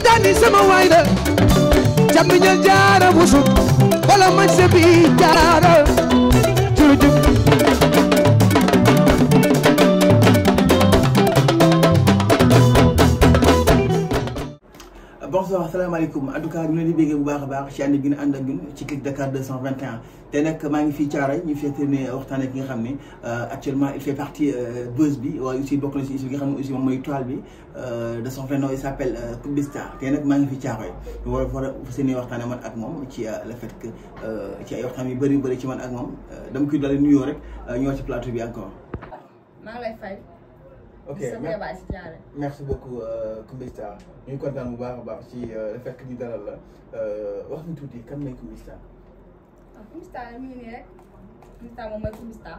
tijani sama waay la jàmm ñal jaara busuk wala man se bi jaara bonsoir asalaamaaleykum en tout cas ñu leen di béggee bu baax a baax ci ànd bi ñu ànd ak ñun ci Click Dakar 221 te nag maa ngi fii Thiaroye ñu feete ne waxtaanee ki nga xam ne euh, actuellement il fait partie euh, buzz bi waaye aussi bokk na si nga xam ne aussi moom mooy toile bi euh, de son vrai nom il s'appelle Coupe des te nag maa ngi fii Thiaroye ñu war a war a seeni waxtaanee man ak moom ci le fait que ci ay waxtaan yu bëri bëri ci man ak moom dama koy dalee nuyoo rek ñëwaat ci plateau bi encore. maa ok merci beaucoup euh, Koumba Star ñu ngi kontaan bu baax a baax ci euh, le fait que ñu dalal la euh, wax ñu tuuti kan mooy Koumba Star. waaw Koumba Star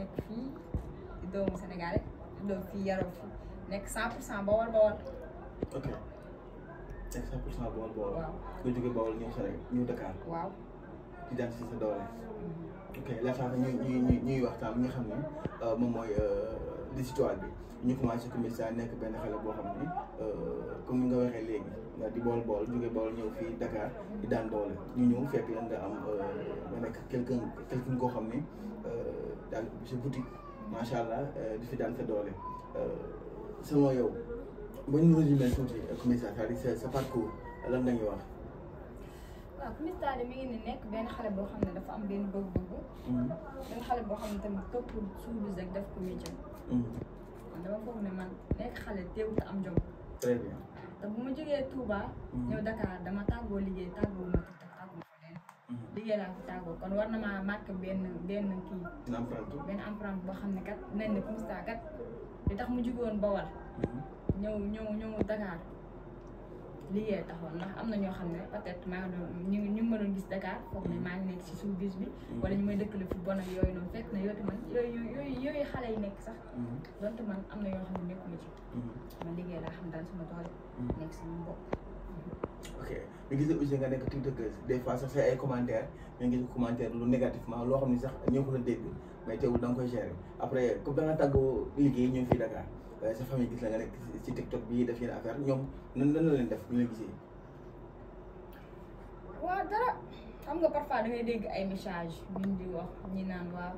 nekk fii di doomu Sénégal di doom fii yaroo fii nekk 100 pour cent Bawol Bawol. ok nekk 100 pour cent Bawol Bawol. waaw nga jógee Bawol ñëw Sénégal ñëw Dakar. waaw di daan si sa doole. Mhm. ok laata ñuy ñuy ñuy waxtaan bi nga xam moom mooy. di si toile bi ñu commencé commerçant nekk benn xale boo xam ne euh, comme ni nga waxee léegi nga di bool bool jóge bool ñëw fii Dakar di daan doole ñu ñëw fekk la nga am euh, nga nekk quelqu'un quelqu'un koo xam ne euh, daal sa boutique macha allah di fi daan sa doole sama yow ba ñu résumé tuuti commerçant c'est-à-dire sa parcours lan la ñuy wax. waaw commerçant mi ngi ne nekk benn xale boo xam ne dafa am benn bëgg-bëgg. Mhm. benn xale boo xam ne tamit képp ku suuf rek def ko métier. kon dama foog ne man nekk xale teewut am jom. très bien. te bu ma jógee Touba. Mm. ñëw Dakar dama tàggoo liggéey tàggoo ma tàggoo ma leen. Mm. liggéey laa ko tàggoo kon war na maa marqué benn benn kii. benn empreinte boo xam ne kat nañ ne constat kat li tax mu jugoon Bawal. Mm-hmm. ñëw ñëw ñëw Dakar. liggéey taxoon ndax am na ñoo xam ne peut-être maa ngi ñu ñu ma gis Dakar foog ne maa ngi nekk si suuf bis bi mm-hmm. wala ñu may dëkkale fu bon ak yooyu noonu fekk na yooyu xale yi nekk sax mm-hmm. donte man am na yoo xam ne nekkuma ci mm-hmm. man liggéey laa xam daal sama tool nekk si mu bopp ok ñu gis aussi nga nekk tiktokeuse des fois sax say ay commentaire ñu ngi commentaire lu négativement loo xam ne sax ñëw ko la dégg mais teewul da koy gérer après comme da nga liggéey ñëw fii Dakar sa famille gis la nga rek ci TikTok bi def yenn affaire ñoom nan nan la leen def gisee. waaw dara xam nga parfois da dégg ay message buñ di wax ñi naan waa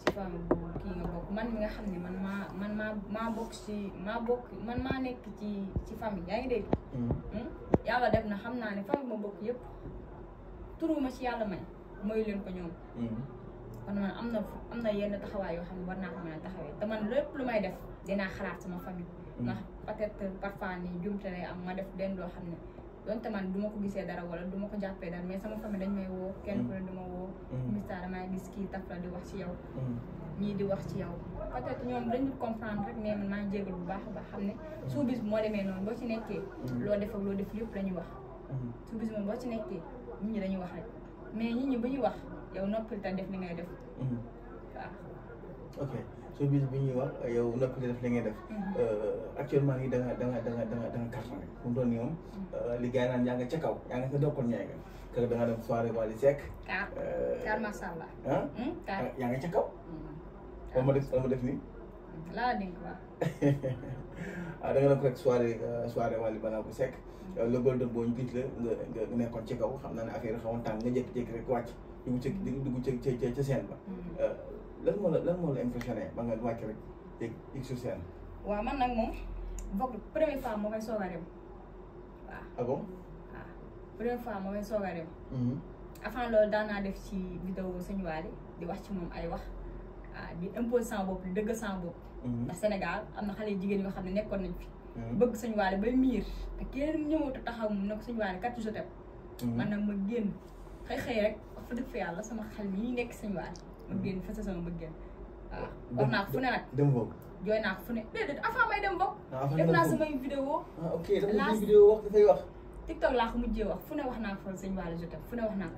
si femme bu kii nga bokk man mi nga xam ne man maa man maa maa bokk si maa bokk man maa nekk ci ci famille yaa ngi dégg. Hmm. Hmm? yàlla def na xam naa ne famille ma bokk yëpp turuma si yàlla may mooy leen ko ñoom. Hmm. kon man am na am na yenn taxawaay yoo xam ne war naa ko mën a taxawee te man lépp lu may def dinaa xalaat sama famille. Mm. ndax peut-être parfois ni jumte lay am ma def den loo xam ne donte man du ma ko gisee dara wala du ma ko jàppee dara mais sama famille dañ may woo. kenn ku ma woo. Mm. Mista damay gis kii taf di wax ci yow. Mm. ñii di wax ci yow peut-être ñoom dañu comprendre rek mais man bu baax a baax xam ne suubis moo demee noonu boo ci nekkee. loo def ak loo def lépp la ñuy wax. suubis moom boo ci nekkee nit ñi dañuy wax rek mais nit ñi bu ñuy wax. yow noppil te def li ngay def. Mhm. waaw. ok soo bis bi ñuy wax yow noppil te def li ngay def. Mhm. Euh, actuellement nii da nga da nga da nga da nga mhm. euh, li gars yi naan yaa nga ca kaw yaa nga ca dokkoon ñaay nga kër da nga dem soirée euh, ah? hmm, ah, yaa nga ca kaw. ma def wala ma def nii. laa dénk waaw. ah da nga doon rek soirée soirée Wally Ballago Seck. boo ñu gis la nga nga nekkoon ci kaw xam naa ne affaire yi xawoon tàng nga jékki-jékki rek wàcc. dugg ca dugg ca ca ca seen ba. Mm-hmm. Euh, lan man nag moom bokk première fois moo koy soog a dem ah mm-hmm. loolu daan def ci vidéo Sëñ Waly di wax ci moom ay wax di impose sans bopp dëgg sans bopp. Mm-hmm. ndax Sénégal am na xale yu jigéen yoo xam ne nekkoon nañ fi. bëgg Sëñ Waly bay miir te kenn ñëwatu taxaw mu ne ko Sëñ Waly kat jotam. man nag ma génn xëy xëy rek. fa dëgg yàlla sama xel mi nekk sañ waat ma génn fas sama mbëggeel waaw ah, wax naa ko fu ne nag dem boog jooy naa ko fu ne déedéet avant may dem boog ah, def naa samay vidéo ah, wax fu ne wax naa ko fa sañ waale wax naa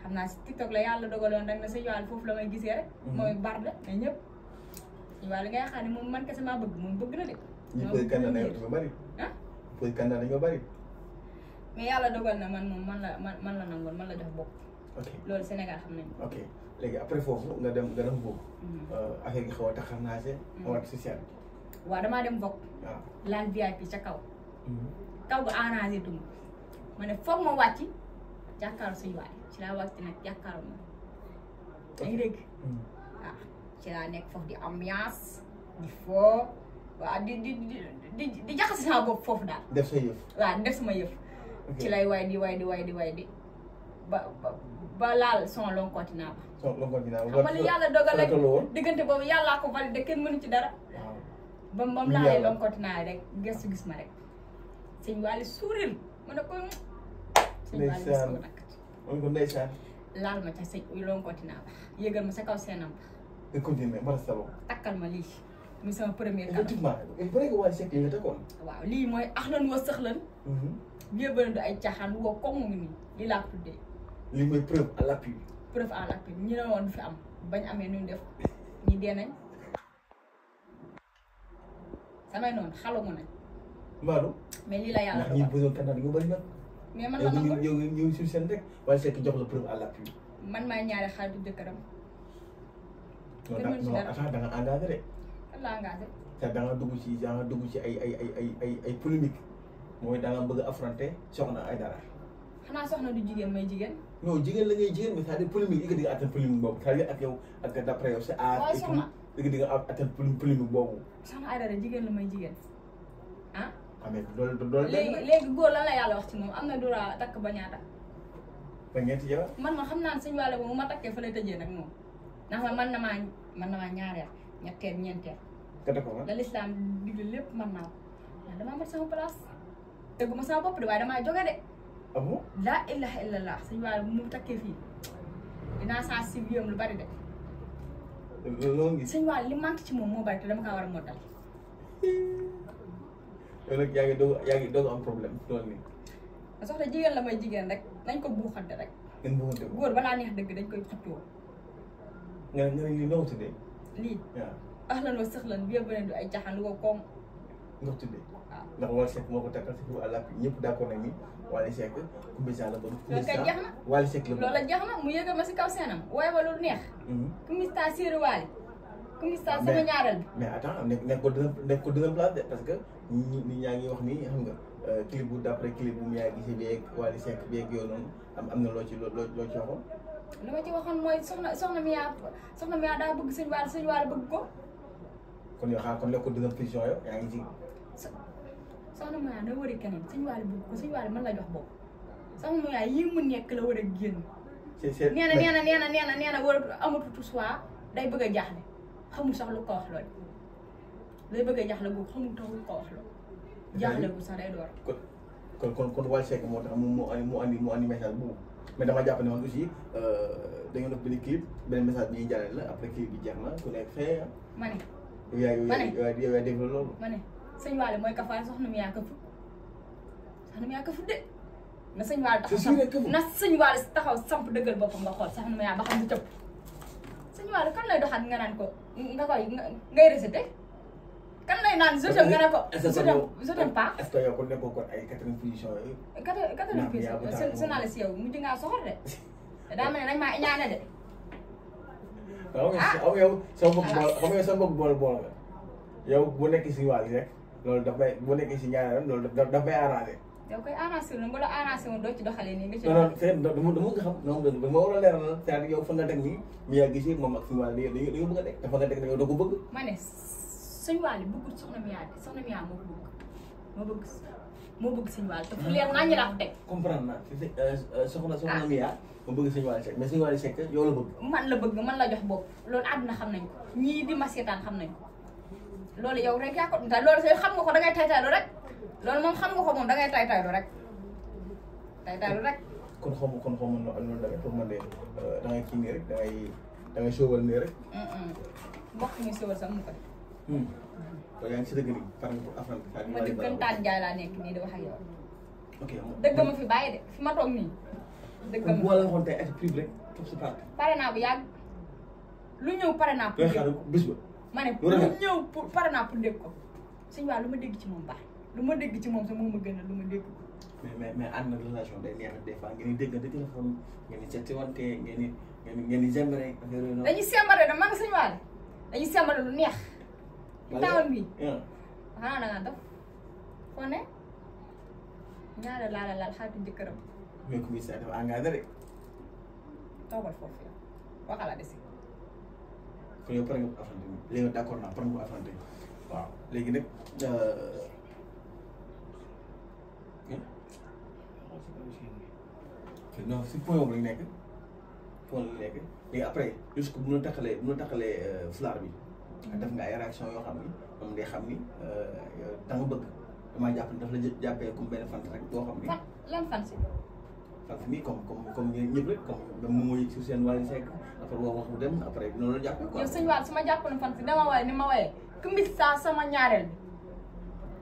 xam naa si tiktok la yàlla dogaloon rek na sañ foofu la may gisee rek mm-hmm. mooy bar la mais ñëpp sañ waale ngay xam ne moom man kese maa bëgg moom bëgg na de ñu koy kandaana yow dafa bëri ah koy kandaana ñoo bëri mais yàlla dogal na man moom man la man man la nangoon man la jox bopp. ok loolu Sénégal xam nañu ok léegi après foofu nga dem nga dem boobu. Mhm. Euh, affaire gi xaw a taxaw naa see. Mhm. xaw social damaa dem bokk. waaw ah. laal VIP ca kaw. Mhm. kaw ba arrangé duma ma ne foog ma wàcc jàkkaarloo suñu waay ci laa wàcc nag jàkkaarloo ma. ok yaa ah, ci laa nekk foofu di ambiance di foo di di di di foofu daal. def sa yëf waaw def sama yëf. ci lay way di way di way di way di ba ba laal son long continent ba. son long continent ba xam yàlla dogal ak diggante boobu yàllaa ko validé kenn mënu ci dara. waaw ba mu laalee long continent rek gëstu gis ma rek. sëñ Waly sourire ba hmm. yëgal ma sa kaw seenam ba. takkal ma lii. muy sama premier cadeau. effectivement waaw lii mooy ax lan wa sëx lan. Mhm. mieux bari du ay caaxaan woo koŋŋ ngi nii li laa ko tuddee. li mooy preuve à l'appui. preuve à l'appui ñu ne woon fi am bañ amee nu ñu def ñi dee nañ samay noonu xalamu nañ. Mbadou. mais lii la yàlla doon wax ndax ñi bëggoon mais man la ma ko yow ñëw ñëw seen rek waaye jox la preuve à l'appui. man maay ñaari xarit jëkkëram. gërëm si dara de. kan la engagé. te da nga dugg ci da nga dugg ci ay ay ay ay ay ay polémique. mooy da nga bëgg a affronter soxna ay dara. xanaa soxna du jigéen may jigéen. non jigéen la ngay jigéen mais c'est-à-dire polémique yi nga di nga atteindre polémique boobu cest jigéen la may jigéen ah. amee ah, loolu loolu. léegi léegi góor lan la yàlla wax ci moom am na droit takk ba ñaata. ba ñeenti jabar. man ma xam naa ne suñu wàll boobu ma takkee fa lay tëjee nag moom ndax man man na maa man maa ñaareel ñetteel ñeenteel. te d' accord la lislaam digle lépp man naa ko dama amat sama place déggu ma saa bopp de waaye damaa joge de. ah bon laa ilaha illallah sëñ mu takkee fii dinaa sensibiliser am lu bari de. loolu ngi li manqué ci moom moo bari te dama kaa war a motal. yow nag yaa ngi doog am problème loolu nii. soxna jigéen la may jigéen rek nañ ko buuxante rek. ngeen ko góor balaa neex dëgg dañ koy xëccoo. nga ne nga ne lii noo lii. waaw ah lan loo sëxlan bi yëpp beneen du ay jaxan lu koom. nga tuddee ah. ndax Wally Seck moo ko takkal surtout à l'appui ñëpp d'accord nañ ni Wally Seck Coumba la ba na mu yëgal ma si kaw seenam waaye ma lu neex Coumba mhm. Sall séeri Wally Coumba Sall ah, sama ñaareel mais attends nekk nekk ko deuxième nekk de parce que ñi ñi ñaa ngi wax ni xam nga euh, clip bu d'après clip bu mu yaa gisee beeg Wally Seck am am na loo ci loo loo ci waxoon li ma ci waxoon mooy soxna soxna mi yaa soxna mi yaa daa bëgg sëñ Wally sëñ Wally bëgg ko kon soxna Maya na war a keneen suñu waale bëgg ko la jox bopp soxna Maya yi mu nekk la war a génn. nee na nee na nee na war a amatul soit day bëgg a jaaxle xamul sax lu ko wax loolu day bëgg a jaaxle boobu xamul tax lu ko wax loolu jaaxle bu sax day door. kon kon kon Wally Seck moo tax mu mu mu andi mu andi message dama jàpp ne woon aussi da ngeen def benn clip benn message la bi jeex na ku nekk fee. ma ne. ma yaa yow yaa loolu. ma ne. sëñ Waale mooy kafaar soxna mu yaa këfu soxna mu yaa këfu de na sëñ Waale taxaw samp na sëñ Waale taxaw samp dëggal boppam nga xool soxna mu yaa ba xam du cëpp sëñ Waale kan lay doxaat nga naan ko nga koy ngay rejeté kan lay naan je t'aime nga ne ko. je t'aime pas est-ce que yow ku nekkoo kon ay quatre-vingts position yooyu. quatre-vingts position su naa la si yow mujj ngaa soxor de. daa mel ne nañ maa iñaane de. ah xam nga yow sa mbokk bool xam nga yow sa mbokk bool bool la yow bu nekk si waal rek. loolu daf may bu nekkee si ñaari loolu daf may arrangé. yow koy arrangé wu bu la ci doxalee nii nga ci. non non c' est dama dama nga xam non non ma war a leeral c' est à dire yow fa nga teg nii mu yaa gisee moom ak suñu wàll a teg dafa nga teg da nga doo moo bëgg moo bëgg moo bëgg suñu wàll te fu leer la bëgg suñu man la bëgg man la jox bopp loolu àdduna xam nañ ko ñii di ma seetaan xam nañ ko loolu yow rek yaa ko dund loolu sa ko dangay taytaylu rek loolu moom xam nga ko moom dangay taytaylu rek taytaylu rek. kon xaw ma kon xaw ma loolu da ngay de euh, da nii rek da ngay da ngay sóobal nii rek. mbokk mi ko. Hmm. kon yaa nii par rapport ma dëggantaan fi bàyyi de fi ma toog nii. dëgg ma pare naa bu yàgg lu ñëw pare naa. bu yàgg xaaral ba. ma ne pour ñëw pour pare naa pour dégg ko sëñ waa lu ma dégg ci moom baax lu ma dégg ci moom sa moo gën a lu ma dégg ko. mais mais mais ànd na relation de neex des fois ngeen di déggante téléphone ngeen di settiwante ngeen di ngeen di sembare. dañuy sembare da maa ngi sëñ waa dañuy sembare lu neex. wal taawoon bi. xanaa da ngaa dof foo kon yow pare nga ko affronté léegi d' accord naa pare nga ko affronté waaw léegi nag. Euh, non si point boobu lañ nekk point lañ nekk léegi après ko bu ñu taxalee bu ñu taxalee euh, fulaar bi. def nga ay réaction yoo xam ni moom xam ni euh, da nga bëgg damaa jàpp ni daf la jàppee comme benn fant rek boo xam ni. fan fan si. ak mi comme comme comme ñëpp rek comme mu mooy si seen wàllu sekk après wax wax bu dem après noonu la jàpp quoi yow sëñ Wade su ma jàppoon fan si dama waye ni ma waye kumbis saa sama ñaareel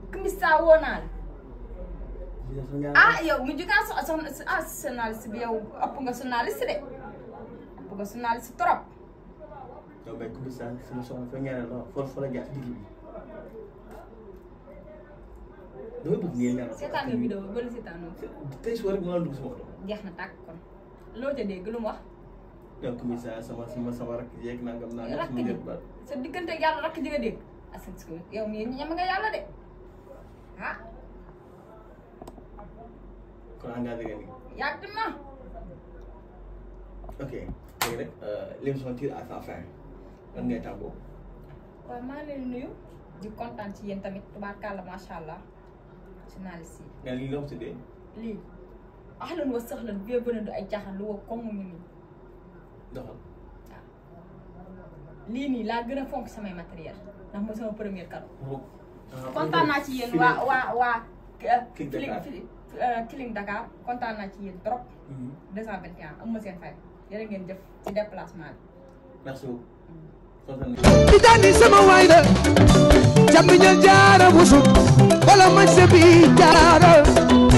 bi kumbis saa woo naa la ah yow mu jugaan so so ah journaliste bi yow ëpp nga journaliste de ëpp nga journaliste trop yow bay kumbis saa sama soxna fa ñaareel la for fa la jaar digg bi damay bëgg ngeen ñaanal. seetaan nga vidéo bi wala seetaanoo. tey su war rek mën naa dugg sama oto. jeex na tàkk kon loo ca dégg lu mu wax. donc commissaire sama sama sama rakk yeeg nangam naa. rakk ji sa diggante yàlla rakk ji nga dégg. asan si yow mii ñam nga yàlla de ah. kon engagé nga nii. yàgg na. ok léegi nag euh, l'émission tire à sa fin lan ngay tàggoo. waaw maa ngi leen nuyu di kontaan ci yéen tamit tubaarkàlla macha allah. journaliste yi. mais lii la ko tuddee. lii ay caaxaan lu wow comme mu ah. laa gën a fonk samay matériel ndax mooy sama premier cadeau. kontaan naa ci yéen waa waa waa. Euh, Killing Dakar euh, Killing Dakar kontaan naa ci yéen trop. 221 mhm. am ma seen fay ngeen def ci déplacement bi. merci beaucoup. Mm. kontaan naa. sama waay jam bi a jaara busuk wala mañ se bi jaara